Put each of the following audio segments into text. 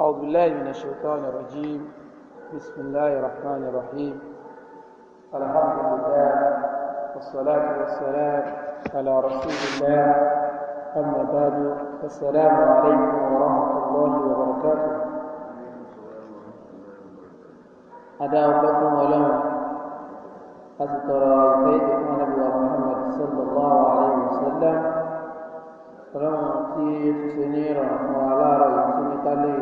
أعوذ بالله من الشيطان الرجيم بسم الله الرحمن الرحيم الحمد لله والصلاة والسلام على رسول الله أما بعد السلام عليكم ورحمة الله وبركاته أداء لكم ولهم أتترى البيت محمد صلى الله عليه وسلم ọlọ́run tí ó ṣe ní ìrọ̀rùn aláàárọ̀ yìí tí ní ká lè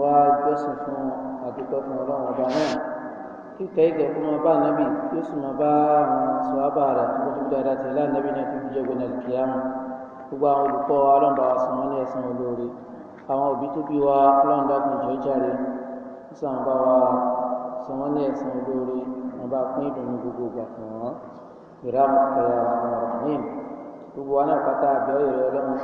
wá jọ́sìn fún àdúgbò fún ọlọ́run ọba náà kíkẹ́ ìkẹ́ fún ọba nábì tí ó sì mọ bá àwọn sọ́ábà rẹ̀ tí wọ́n ti fi dáadáa tẹ̀lé ànábì náà tó fi jẹ́ gbẹ̀nà kìámù gbogbo àwọn olùkọ́ wa ọlọ́run bá wa sàn wọ́n ó sàn bá wa sàn wọ́n gbogbo wa náà pátá àbí ọyọ rẹ ọlọmọ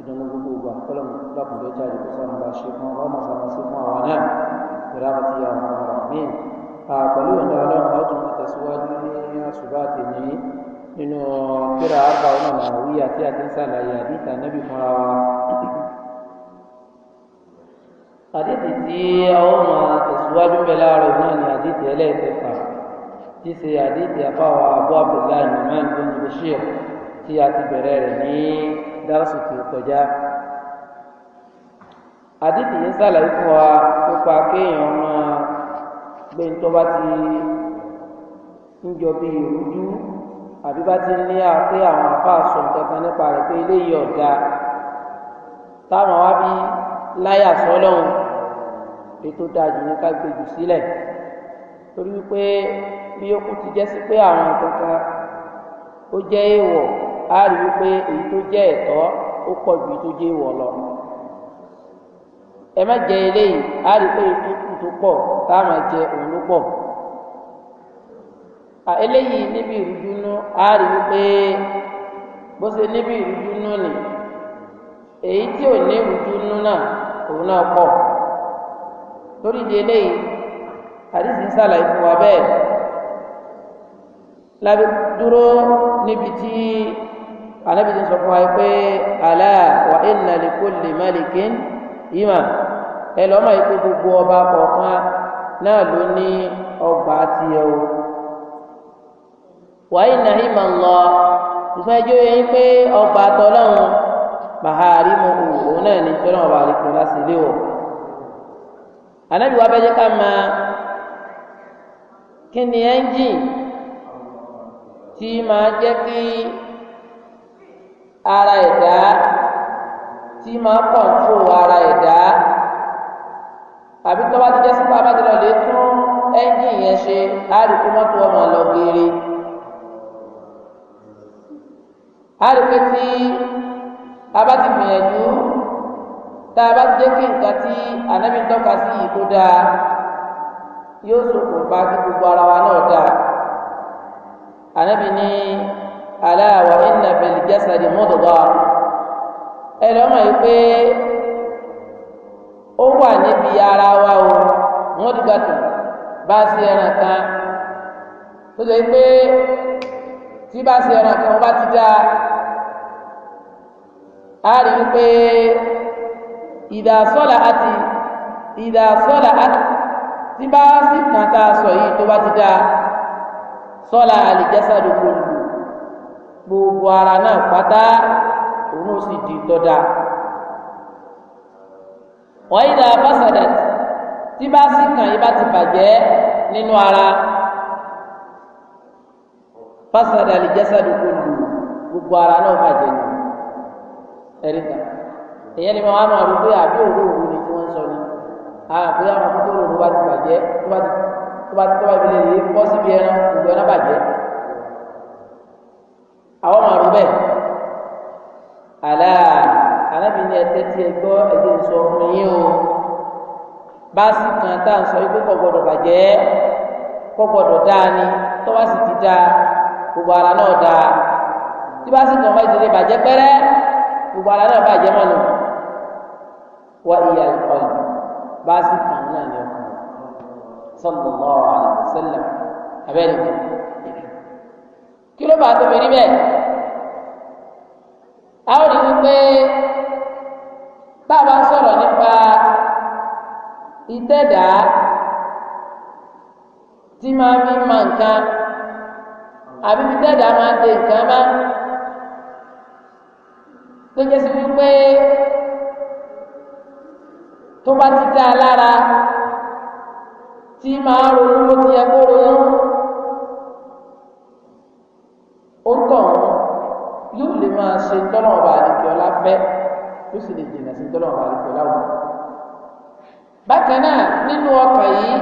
ìdùnnú gbogbo ògbà kọlọmù lọkùnrin ọjà ìdìbò sọmọ bá ṣe fún ọmọ sọmọ sí fún àwa náà ìrẹ́pà ti yàrá ọmọ mi. pẹ̀lú ìdá ọlọ́run ọdún máa tẹ̀síwájú ní àṣùbà tèmi nínú kíra àbá ọmọ nàwí àti àti sàlàyé àdìtà nẹ́bí fúnra wa. àdìtì tí àwọn máa tẹ̀síwájú bẹ̀ láàárọ̀ náà ni àdìtì ẹlẹ́ẹ̀kẹfà tí ṣe àdìtì àbáwọ̀ àbọ̀ tí a ti bẹ̀rẹ̀ rẹ̀ ní dárásù tó kọjá. àdìdì yìí sàlàyé fún wa nípa kéèyàn máa gbé ń tọ́ bá ti ń jọ bí ìrújú àbí bá ti ń ní pé àwọn àfáà sọ nǹkan kan nípa rẹ̀ pé eléyìí ọ̀dà táwọn wá bí láyà sọ́lọ́hún ètò dájú ní ká gbèjù sílẹ̀ torí wípé bí ó kú ti jẹ́ sí pé àwọn nǹkan kan ó jẹ́ èèwọ̀ á rí wípé èyí tó jẹ́ ẹ̀tọ́ ó pọ̀ ju èyí tó jẹ́ ìwọ̀ lọ ẹ má jẹ eléyìí á rí pé èyí tó pọ̀ jẹ òun ló pọ̀ eléyìí níbi ìrújúnú á rí wípé bó ṣe níbi ìrújúnú nì èyí tí ò ní ìrújúnú náà òun náà pọ̀ di eléyìí àdìsí sàlàyé anabi ti sọ fún wa pé alá wa inna li kulli malikin ìmà ẹ lọ́ máa pé gbogbo ọba kọ̀ọ̀kan náà ló ní ọgbà tiẹ̀ o wa inna ìmà ń lọ ìfún ẹjọ́ yẹn pé ọgbà tọ́lọ́run màhàrí mu òun náà ní tọ́lọ́run ọba àlejò láti lé wọ̀ anabi wa bẹ́ẹ̀ jẹ́ ká máa kí ni ẹ́ńjìn tí máa jẹ́ kí ara ẹ̀dá tí máa kọ̀ǹtró ara ẹ̀dá tàbí tó bá ti jẹ́ sípò abájọ́lọ́ lè tún ẹ́ńjìn yẹn ṣe àríkú mọ́tò ọmọ lọ geere àríkú tí a bá ti gbìyànjú tá a bá ti jẹ́ kí nǹkan tí anábì tọ́ka sí yìí tó dáa yóò ṣokùnfà kí gbogbo ara wa náà dáa anábì ní ala wa inna fil jasadi mudghah ẹ̀rọ mọ̀ yìí pé ó wà níbi ara wa o mọ́dúgbàtò bá sí ẹran kan tó ṣe pé tí bá sí ẹran kan wọ́n bá ti dá a rí i pé ìdásọ́là àti ìdásọ́là àti tí bá sì kàn tá a sọ yìí tó bá ti dá sọ́là àlìjásádò kò lù gbogbo ara náà pátá òun sì di tọ́da wọ́n yìí dáa fásádà tí bá sì kàn yìí bá ti bàjẹ́ nínú ara fásádà lè jásàdù kò lù gbogbo ara náà bàjẹ́ nù ẹ̀rí kan èyẹ ni màmá máa rú pé àbí òru òru ni tí wọ́n ń sọ ni àbí àwọn akókò òru bá ti bàjẹ́ tó bá ti tó bá ti lè yé pọ́ síbi ẹran gbogbo ẹran bàjẹ́ àwọn máa rú bẹ́ẹ̀ àlá arábìnrin ẹtẹ tí ẹ gbọ́ ẹgbẹ́ sọ fún yín o báàsì kan tá à ń sọ pé kò gbọdọ̀ bàjẹ́ kò gbọdọ̀ dáa ni tó bá sì ti dáa gbogbo ara náà dáa tí báàsì kan bá ìdílé bàjẹ́ pẹ́rẹ́ gbogbo ara náà bàjẹ́ mọ́nu wọ ìyá ìkọlù báàsì kan náà ni ọkùnrin sallallahu alaihi kí ló bá tóbi rí bẹ́ẹ̀ a ó rí wípé tá a bá ń sọ̀rọ̀ nípa ìtẹ̀dá tí máa fi mọ nǹkan àbí ìtẹ̀dá máa de nǹkan má tó jẹ́ sí wípé tó bá ti dá a lára tí máa ronú bó ti yẹ kó ronú. máa ṣe tọ́nà ọba àdìkì ọlá fẹ́ ó sì lè jìnnà sí tọ́nà ọba àdìkì ọlá wù. bákan náà nínú ọkàn yìí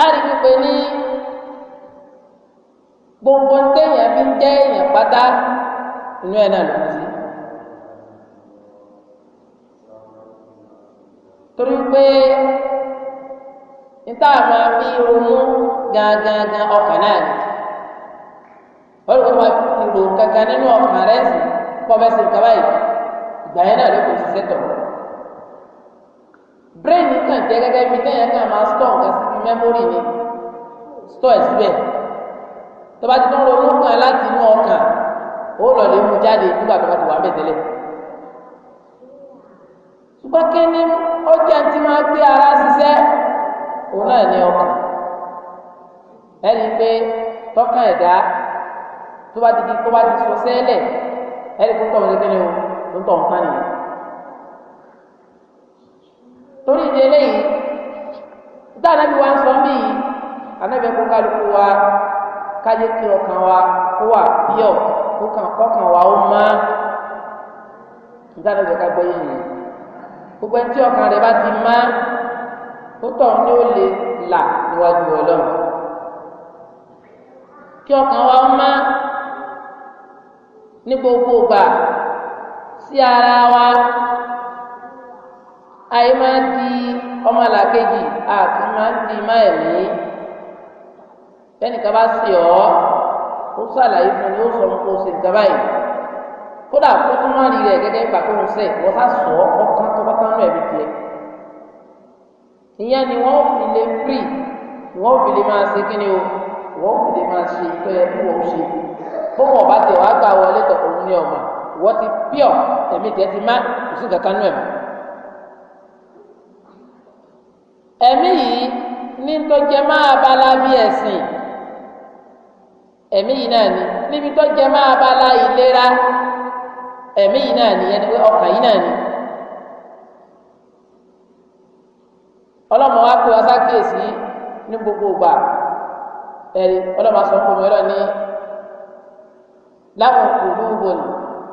a rí pípé ní gbogbo téèyàn fi ń jẹ́ èèyàn pátá inú ẹ̀ náà ló ti. torí pé níta máa fi ronú gangan ọkàn náà ni. ဘယ်လိုမှ lò kankan nínú ọkàn rẹ sí pọfẹsì kaba yìí ìgbà yẹn náà ló kò ṣiṣẹ́ tọ brain kan jẹ gẹ́gẹ́ bí téèyàn kan máa store nǹkan síbi memory ni store ẹ síbẹ̀ tó bá ti tún ronú kan láti inú ọkàn ó lọ lè mú jáde nígbà tó bá ti wà bẹ́ẹ̀ tẹ́lẹ̀ ṣùgbọ́n kí ni ọjà tí máa gbé ara ṣiṣẹ́ òun náà ní ọkàn ẹni pé tọ́kàn ẹ̀dá tó bá ti di tó bá ti sọ sẹ́lẹ̀ ẹni tó ń tọ̀ ní kíni o tó ń tọ̀ nǹkan nìyẹn. torí ìdí eléyìí tá ànábi wa ń sọ mí yìí ànábi ẹkọ kálukú wa kájé kí ọkàn wa kó wà bíọ̀ kó kàn kọ́kàn wa ó má nígbà tó jẹ ká gbọ́ yìí nìyẹn gbogbo ẹni tí ọkàn rẹ bá ti má ó tọ̀ ní ó lè là níwájú ọlọ́run kí ọkàn wa ó má ní gbogbo ìgbà sí ara wa àyè máa ń di ọmọlàkejì àti máa ń di má ẹ̀mí bẹ́ẹ̀nìkan bá sì ọ́ ó ṣàlàyé fún ni ó sọ fún kó o ṣe nǹkan báyìí kódà kó tó má rí rẹ̀ gẹ́gẹ́ gbà kó o sẹ̀ wọ́n sá sọ ọkàn tó bá tán lọ ẹ̀mí tiẹ̀ ìyẹn ni wọ́n fi lè firi wọ́n fi lè máa ṣe kí ni o wọ́n fi lè máa ṣe tó yẹ kó o ṣe bọ́mọ̀ ọba tẹ̀ wá gbà wọlé tọ̀ òun ní ọmọ ìwọ́ ti píọ̀ ẹ̀mí tẹ̀ ti má kò sí kankan nù ẹ̀mọ́. ẹ̀mí yìí ní tó jẹ máa bala bí ẹ̀sìn ẹ̀mí yìí náà ni níbi tó jẹ máa bala ìlera ẹ̀mí yìí náà ni ẹni pé ọkàn yìí náà ni. ọlọ́mọ wa pé wá sákèésí ní gbogbo ìgbà ẹ̀rí ọlọ́mọ asọ́kùnrin ọlọ́ni láwọn kùnúùbù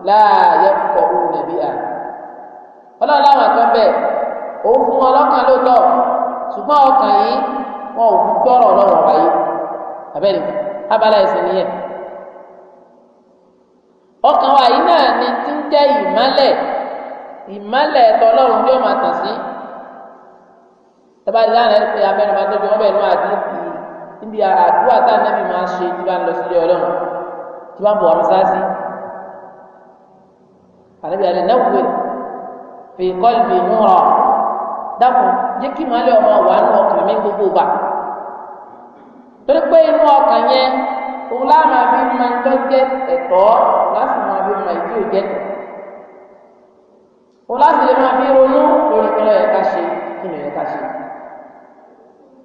láàyè pọ̀ òun nàbí à ọlọ́run láwọn kan bẹ́ẹ̀ òun fún wọn lọ́kàn lóòótọ́ ṣùgbọ́n ọkàn yìí wọn ò fi gbọ́rọ̀ ọlọ́run wáyé abẹ́ni abala ẹ̀sìn nìyẹn ọkàn wa yìí náà ni ti ń jẹ́ ìmọ́lẹ̀ ìmọ́lẹ̀ tọlọ́run yóò máa tàn sí tabali lánàá pé abẹnumá tóbi wọn bẹ nù àdúrà níbi àdúrà tá a nẹbi máa ṣe tí bá lọ sílé Ọlọ́run tó bá ń bọ̀ wá mọ́sáàsì àlẹ́bí alẹ́ náà wúwe fi qalbi nura dákun jẹ́ kí màálẹ̀ ọmọ wà nù ọkàn mi gbogbo gbà torí pé inú ọkàn yẹn òun láàmà bí máa ń tọ́jẹ́ ẹ̀tọ́ láti máa bí máa ìdí òjẹ́ tó òun láti lè máa ronú lórí kílọ̀ yẹn ṣe kílọ̀ yẹn ṣe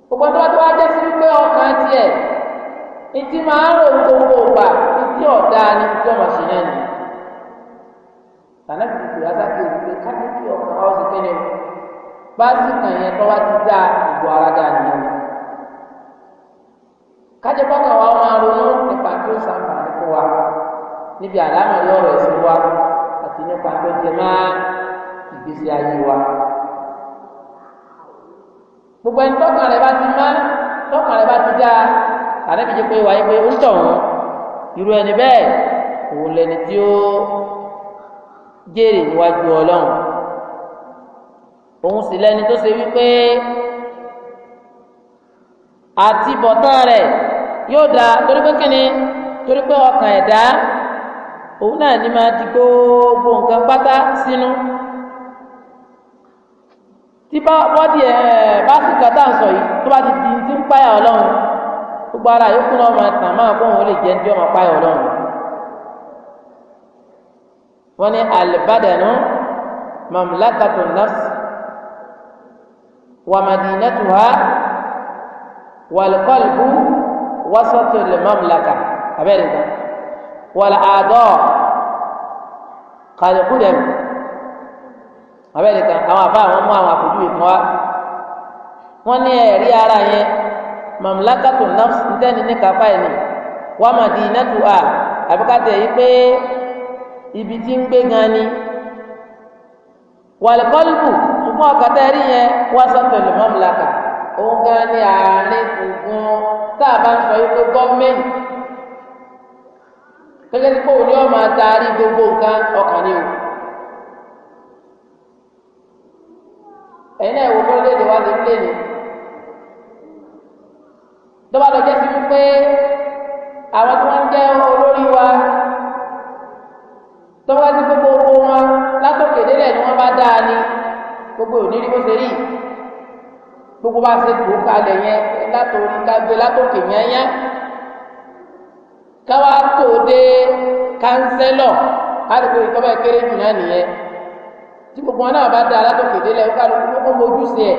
gbogbo tó wá tó wá jẹ́ sí wípé ọkàn tiẹ̀ ìtì máa ń tí ọ̀dà ni tí ọmọ sí náà nìyí. Tànàbí kìkì asáké òkè kákéèké ọ̀kan wá sí kéde báàsì kan yẹn tó wá ti dá ìbò ara dà nìyẹn. Kájẹ bọ́kà wa máa ronú nípa tí ó sàǹfààní fún wa níbi àlámà lọ́rọ̀ ẹ̀sìn wa àti nípa tó jẹ máa ìgbésí ayé wa. Gbogbo ẹni tọ́kàn rẹ̀ bá ti má tọ́kàn rẹ̀ bá ti dá tànàbí jẹ́ pé wáyé pé ó ń tọ̀ wọ́n irú ẹni bẹ́ẹ̀ òun lẹni tí ó jèrè níwájú ọlọ́run òun sì lẹni tó ṣe wípé àti bọ̀tán rẹ̀ yóò da torí pé kíni torí pé ọkàn ẹ̀dá òun náà ní máa di gbogbo nǹkan pátá sínú tí bọ́dì ẹ̀ bá sì kàtà ń sọ yìí tó bá ti di ti ń páyà ọlọ́run gbogbo ara yòókù náà máa tàn máa kó òun lè jẹ ní ọmọ páyọ Ọlọ́run wọn ní alibadanu mamlakatu nafs wamadinatuha walikọlibu wasatu limamlaka abẹ́rẹ́ta wàlàdọ́ kàlùkùdẹ̀m abẹ́rẹ́ta àwọn àbá àwọn mú àwọn àpòjúwe kan wọn ní ẹ̀rí ara yẹn mamlakatu nafs ntẹni ní kápá yìí ni wa madinatu a àbíkátẹ yìí pé ibi tí ń gbé gan ni wal qalbu ṣùgbọ́n ọ̀kàtà ẹ̀rí yẹn wasatul mamlaka òun gan àárín gbùngbùn tá a bá ń sọ yìí pé gọ́ọ̀mẹ̀ntì gẹ́gẹ́ bí kóòní ọ máa darí gbogbo nǹkan ọkàn ni o ẹ̀yin náà ìwòkọ́ lédè wá lé ni tó bá lọ jẹ́ sí wípé àwọn tí wọ́n jẹ́ olórí wa tó bá sí gbogbo owó wọn látòkè délẹ̀ ni wọ́n bá dáa ni gbogbo òní rí bó ṣe rí gbogbo bá ṣe tó kalẹ̀ yẹn látòrí kágbé látòkè yẹn yẹn káwá tó dé kánsẹ́lọ̀ alùpùpù ìtọ́ba kéré jù náà nìyẹn tí gbogbo wọn náà bá dáa látòkè délẹ̀ ó kálukú ó mójú sí ẹ̀.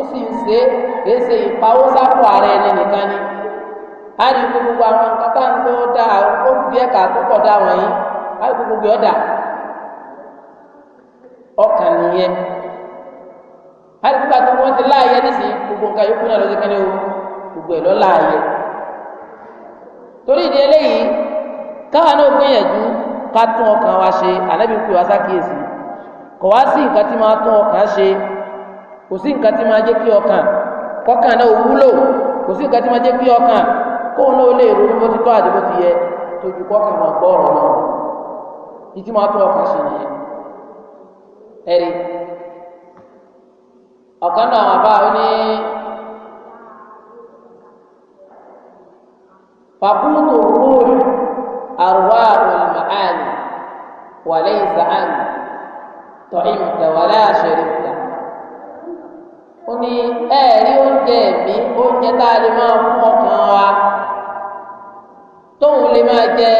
ó sì ń ṣe é ara ẹni nìkan ni a rí gbogbo àwọn nǹkan tá à ń tó dá a gbogbo ọ̀dà ọka nìyẹn a gbogbo àti wọn ti láàyè gbogbo nǹkan yòókù náà o gbogbo ẹ̀ lọ́ láàyè torí ìdí káwa náà ká tún ọkàn wa ṣe kò sí nǹkan tí máa jẹ́ kí ọkàn kọ́kàn náà wúlò kò sí nǹkan tí máa jẹ́ kí ọkàn kóun náà lè ronú bó ti tọ́ àti bó ti yẹ tójú kọ́kàn máa gbọ́ ọ̀rọ̀ náà ní tí máa tó ọkàn ṣe nìyẹn ẹ̀rí ọ̀kan náà àwọn àbá ní fàkúntò rúùrù àrùwá àrùn màánì wàlẹ́ ìsàánì tọ́ ìmùtẹ̀wálẹ́ àṣẹrí ni ẹ̀rí oúnjẹ ẹ̀mí oúnjẹ tá a lè máa fún ọkàn wa tóun lè máa jẹ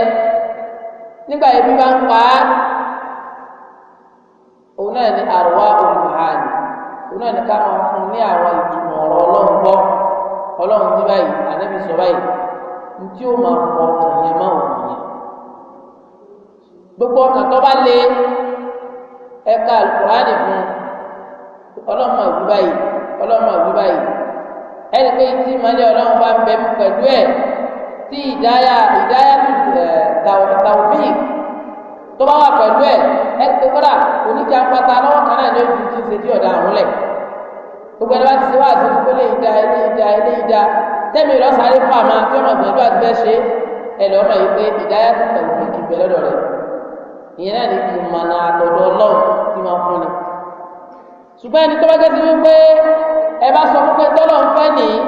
nígbà ebi bá ń pa á òun náà ni àrùwá olùhàní òun náà ni ká máa fún ní àwọn ìtumọ̀ ọ̀rọ̀ ọlọ́run gbọ́ ọlọ́run ní báyìí ànábì sọ báyìí ní tí ó máa fọ ọkàn yẹn máa wò yẹn gbogbo ọkàn tó bá lé ẹ̀ka àlùkùránì fún ọlọ́run máa wí báyìí ọlọ́mọ àwí báyìí ẹni pé tí ìmọ̀lẹ́ ọlọ́run bá bẹ pẹ̀lú ẹ̀ tí ìdáyà ìdáyà tàwọ̀fíì tó bá wà pẹ̀lú ẹ̀ ẹni pé kọ́dà oníjà pátá lọ́wọ́ kan náà ní ojú ti ṣe tí ọ̀dà àwọn lẹ̀ gbogbo ẹni bá ti ṣe wá àti gbogbo lè da ilé ìda ilé ìda tẹ́mi ìlọ́sàárè fún àmà tí ọmọ ìgbìyànjú àti bẹ́ẹ̀ ṣe ẹ lọ́ mọ̀ yìí pé ìdáyà tàwọ̀fíì kì í lọ́dọ̀ rẹ̀ ìyẹn náà ní kì àtọ̀dọ̀ ọlọ́run tí máa fún ni ṣùgbọ́n ẹni tó bá jẹ́ ti wípé ẹ bá sọ fún pé tọ́lọ̀ ń fẹ́ nìyí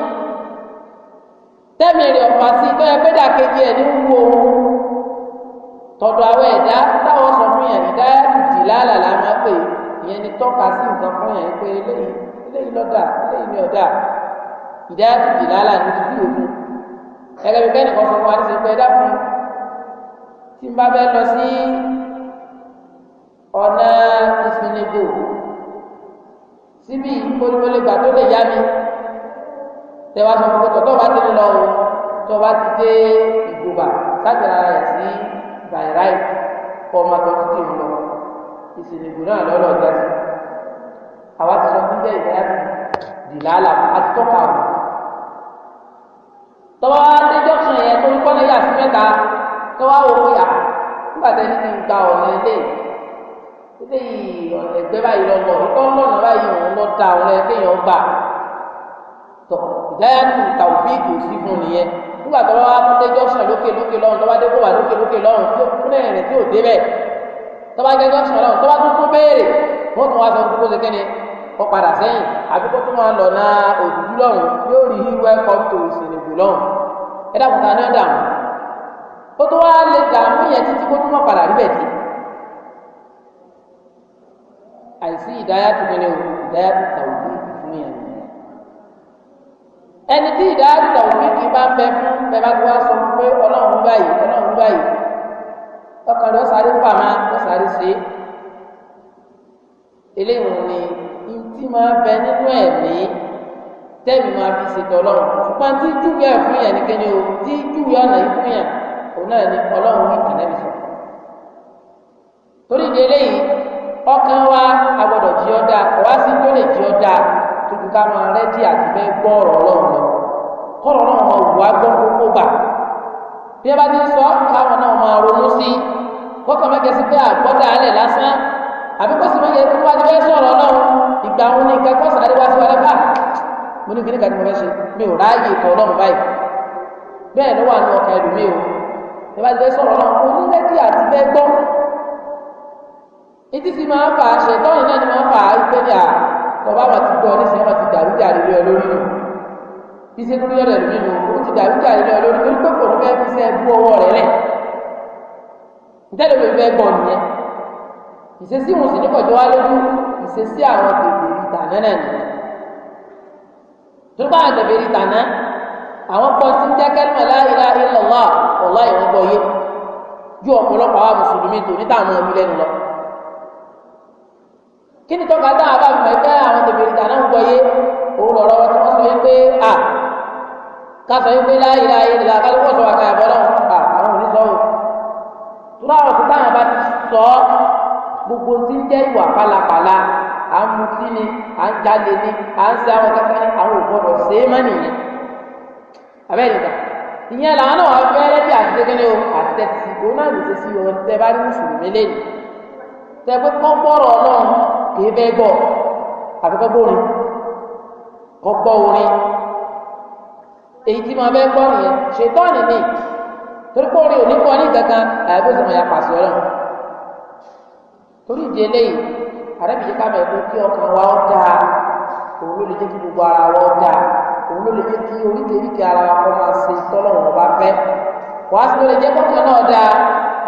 tẹ́mi rẹ̀ ọ̀fà sí tó yẹ pé dàkejì ẹ̀ ní wúwo tọ̀dọ̀ àwọn ẹ̀dá táwọn sọ fún yẹn nígbà ìdí lálàlá máa pè ìyẹn ni tọ́ka sí nǹkan fún yẹn pé eléyìí lọ́dà eléyìí ni ọ̀dà ìdá ìdí lálà ní ti dúró fún gẹ́gẹ́ bí bẹ́ẹ̀ sọ fún wa ti ṣe pé ẹ̀dá tí n bá bẹ́ẹ̀ lọ sí ọ̀nà ìsinmi gbòòrò síbi ìpolówólé gbà tó lè yá mi tẹwàá sọ fún tọ́tọ́ bá ti ń lọ o tọ́ bá ti dé ìgbòba láti ara yà sí by right kọ́ ọmọ tó ti dé lọ ìsìnìgbò náà lọ́lọ́ ọjà sí àwa ti sọ fún bẹ́ẹ̀ ìdáyà tó dì lálà àti tọ́ka ọ̀hún. tọ́wọ́ adéjọ́ sùn yẹn tó ń kọ́ni yà sí mẹ́ta tọ́wọ́ àwọn òkú yà nígbà tẹ́lifí ń gba ọ̀nà ilé yìí eléyìí ẹgbẹ́ báyìí lọ́lọ́ ọlọ́nà báyìí òun lọ́ da ọ̀rẹ́ kéèyàn gbà tọ̀ ìdáyàtú tàwùfíìkì sí fún nìyẹn nígbà tó wá tó déjọ́ sàn lókè lókè lọ́run tó bá dé kó wà lókè lókè lọ́run tó kún ẹ̀rìn tí ò débẹ̀ tó bá déjọ́ sàn lọ́run tó bá tún tún béèrè wọ́n tún wá sọ fún kóso kẹ́ni kọ́ padà sẹ́yìn àbí kó tún máa lọ na òdúdú lọ́run yóò rí welcome to Senegal lọ́run ẹ dàkúta ní ọ̀dà ó tó wá lè dààmú yẹn títí kó tún mọ̀ padà rí bẹ̀ dé àìsí ìdáyà tó kẹ́lẹ́ o ìdáyà tó tàwí fún yẹn ẹni tí ìdáyà tó tàwí kì í bá ń bẹ fún bẹ́ẹ̀ bá tó wá sọ pé ọlọ́run báyìí ọlọ́run báyìí ọkàn rẹ̀ ọ̀sáré fàmà ọ̀sáré ṣe eléyìí ni ntí máa bẹ nínú ẹ̀mí tẹ́mi máa fi ṣètò ọlọ́run ṣùgbọ́n tí júwe ẹ̀ fún yẹn ní kẹ́lẹ́ o tí júwe ọ̀nà yìí fún yẹn òun náà ni ọlọ́run wí kàn lẹ́bi sọ torí ìdí eléyìí ọkàn wa agbọ́dọ̀ jí ọ́ dáa kọ́ wá sí tó lè jí ọ́ dáa tóbi ká máa rẹ́dí àti fẹ́ gbọ́ ọ̀rọ̀ ọlọ́run lọ kọ́rọ̀ náà wọn wù wá gbọ́ gbogbo gbà bí ẹ bá ti ń sọ káwọn náà máa ronú sí kọ́kàn má jẹ́ sí pé àgbọ́dà alẹ̀ lásán àbí kó sì má yẹ kó wá ti fẹ́ sọ̀rọ̀ náà ìgbà òun ni nǹkan kọ́sà àríwá sí wa lẹ́fà mo ní kíníkà tí mo fẹ́ ṣe mi ò ráàyè ìtọ̀ ọlọ́run báyìí bẹ́ẹ̀ ló wà ní ọkàn ẹlòmíì o bí ẹ bá ti fẹ́ sọ̀rọ̀ náà onílẹ́dí etí ti máa fà á ṣe tọ́yìn náà ni máa fà á pé ní à bàbá wọn ti gbọ́ nísìnyí wọn ti dàrúdàrí lé ọ lórí nù bí ṣe kúrò rẹ̀ nínú ó ti dàrúdàrí lé ọ lórí torí pé kò ní fẹ́ fi ṣe bú ọwọ́ rẹ̀ lẹ̀ ìtẹ́lẹ̀ mi fẹ́ gbọ́ nìyẹn ìṣesí wọn sì ní kọjọ wá lójú ìṣesí àwọn bèbè ìtànà náà nìyẹn tó bá àwọn bèbè ìtànà àwọn pọ́ ti ń jẹ́ kẹ́lìmọ̀ la ilaha illallah ọ̀la ìwọ́n gbọ́ yé ju ọ̀pọ̀lọpọ̀ àwọn mùsùlùmí tòní táwọn ọmọ mi lẹ́nu lọ kí ni tọ́ka dáhà bá mi pẹ́ àwọn tèbèrè tà náà ń gbọ́yé òun lọ̀rọ̀ tí wọ́n sọ yín pé à ká sọ yín pé láyé láyé nílá ká ló wọ́n sọ àkàyà bọ́ náà à àwọn òní sọ o tura ọ̀rọ̀ tó táwọn bá ti sọ gbogbo tí ń jẹ́ ìwà pálapàla à ń mutí ni à ń jalè ni à ń ṣe àwọn kankan ni àwọn ò gbọdọ̀ ṣe é má nìyẹn abẹ́rẹ́ ìgbà ìyẹn làwọn náà wọ́n fẹ́ lẹ́bí àtẹ́kẹ́lẹ́ o àtẹ́tì òun náà lè ṣe sí ọ tẹ bá ní mùsùlùmí lẹ́yìn tẹ pé kọ́ńpọ̀rọ̀ ọlọ́run kìí fẹ́ gbọ́ àfikọ́ gbórin kọ́ gbọ́ orin èyí tí máa fẹ́ gbọ́ nìyẹn ṣètọ́ọ̀nì ni torí pé orin ò ní kọ́ ní kankan àyàfi ó sì máa ya pàṣẹ ọlọ́run torí ìdí eléyìí àrẹ́bìyí ká mẹ́ẹ̀kú kí ọkàn wa ó dáa òun ló lè jẹ́ kí gbogbo ara wa ó dáa òun ló lè jẹ́ kí oríkèéríkèé ara wa kọ́ máa ṣe tọ́lọ́run ọba fẹ́ wàá sì ló lè jẹ́ kọ́kàn náà dáa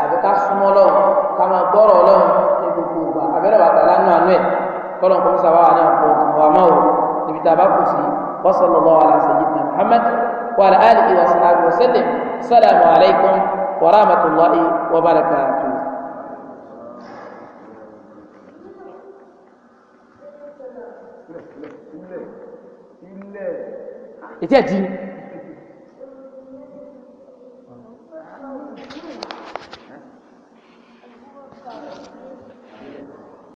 àbí ká sùn. kọ́lọ̀ kọ́ sábà wà náà fún wa máa wò níbi tá a bá kù sí wa sallallahu ala